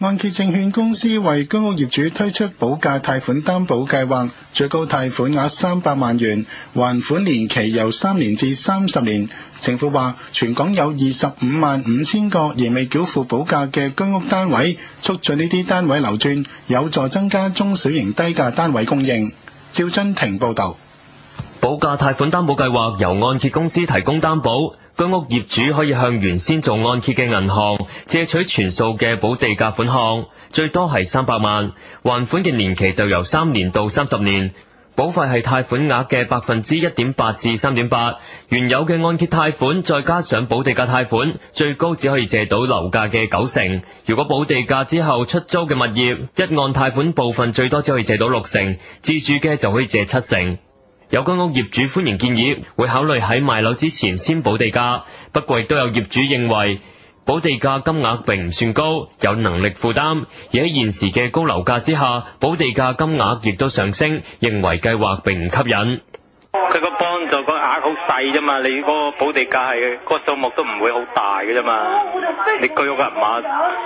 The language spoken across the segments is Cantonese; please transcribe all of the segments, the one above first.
按揭證券公司為居屋業主推出補價貸款擔保計劃，最高貸款額三百萬元，還款年期由三年至三十年。政府話，全港有二十五萬五千個仍未繳付補價嘅居屋單位，促進呢啲單位流轉，有助增加中小型低價單位供應。趙津庭報道。補價貸款擔保計劃由按揭公司提供擔保，居屋業主可以向原先做按揭嘅銀行借取全數嘅補地價款項，最多係三百萬。還款嘅年期就由三年到三十年，保費係貸款額嘅百分之一點八至三點八。原有嘅按揭貸款再加上補地價貸款，最高只可以借到樓價嘅九成。如果補地價之後出租嘅物業，一按貸款部分最多只可以借到六成，自住嘅就可以借七成。有居屋業主歡迎建議，會考慮喺賣樓之前先補地價。不過，亦都有業主認為補地價金額並唔算高，有能力負擔。而喺現時嘅高樓價之下，補地價金額亦都上升，認為計劃並唔吸引。佢個幫助個額好細啫嘛，你嗰個補地價係個數目都唔會好大嘅啫嘛，你居屋嘅銀碼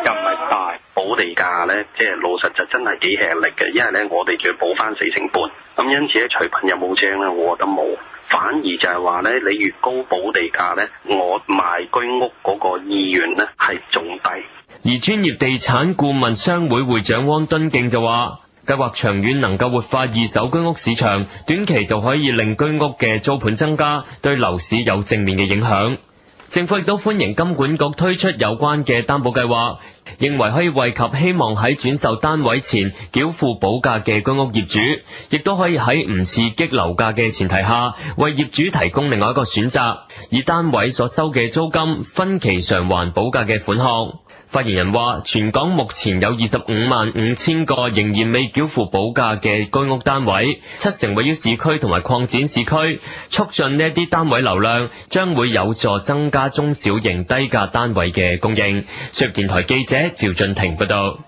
又唔係大，補地價咧即係老實就真係幾吃力嘅，因為咧我哋仲要補翻四成半，咁因此咧，除貧有冇正咧？我覺得冇，反而就係話咧，你越高補地價咧，我賣居屋嗰個意願咧係仲低。而專業地產顧問商會會會長汪敦敬就話。計劃長遠能夠活化二手居屋市場，短期就可以令居屋嘅租盤增加，對樓市有正面嘅影響。政府亦都歡迎金管局推出有關嘅擔保計劃，認為可以惠及希望喺轉售單位前繳付補價嘅居屋業主，亦都可以喺唔刺激樓價嘅前提下，為業主提供另外一個選擇，以單位所收嘅租金分期償還補價嘅款項。發言人話，全港目前有二十五萬五千個仍然未繳付補價嘅居屋單位，七成位於市區同埋擴展市區。促進呢一啲單位流量，將會有助增加中小型低價單位嘅供應。說，電台記者趙俊霆報道。